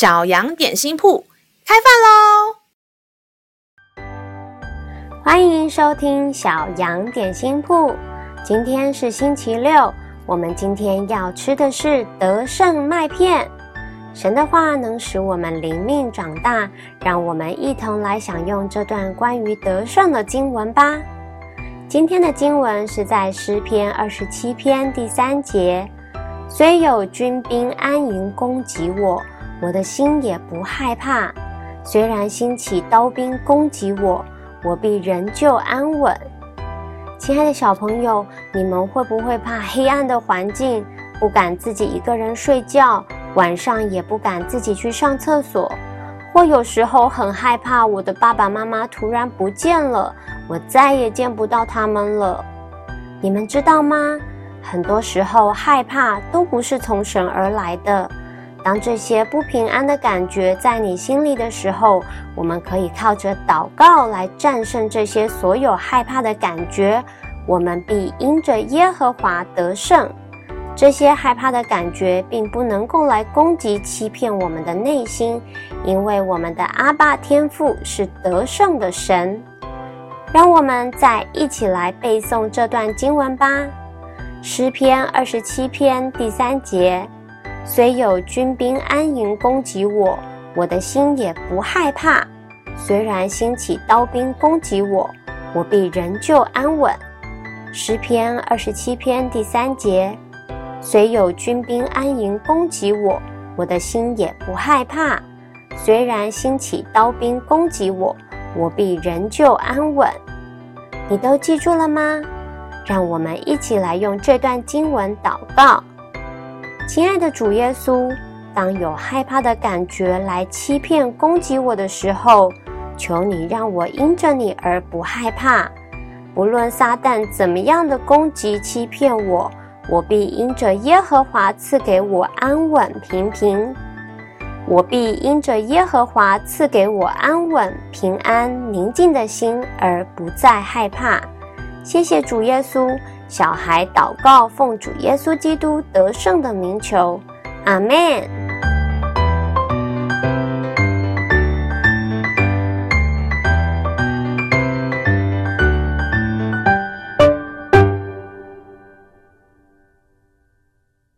小羊點心鋪開飯嘍！歡迎收聽小羊點心鋪。今天是星期六，我們今天要吃的是德勝麥片。神的話能使我們靈命長大，讓我們一同來享用這段關於德勝的經文吧。今天的經文是在詩篇二十七篇第三節：“雖有軍兵安營攻擊我。”我的心也不害怕，雖然興起刀兵攻擊我，我必仍舊安穩。親愛的小朋友，你們會不會怕黑暗的環境，不敢自己一個人睡覺，晚上也不敢自己去上廁所，或有時候很害怕我的爸爸媽媽突然不見了，我再也見不到他們了。你們知道嗎？很多時候害怕都不是從神而來的。當這些不平安的感覺在你心裡的時候，我們可以靠着禱告來戰勝這些所有害怕的感覺。我們必因着耶和華得勝。這些害怕的感覺並不能夠來攻擊、欺騙我們的內心，因為我們的阿爸天父是得勝的神。讓我們再一起來背誦這段經文吧，《詩篇》二十七篇第三節。雖有軍兵安營攻擊我，我的心也不害怕；雖然興起刀兵攻擊我，我必仍舊安穩。詩篇二十七篇第三節：雖有軍兵安營攻擊我，我的心也不害怕；雖然興起刀兵攻擊我，我必仍舊安穩。你都記住了嗎？讓我們一起來用這段經文禱告。親愛的主耶穌，當有害怕的感覺來欺騙、攻擊我的時候，求你讓我因着你而不害怕。不論撒旦怎麼樣的攻擊、欺騙我，我必因着耶和華賜給我安穩、平平。我必因着耶和華賜給我安穩、平安、寧靜的心而不再害怕。謝謝主耶穌。小孩禱告，奉主耶穌基督得勝的名求，阿門。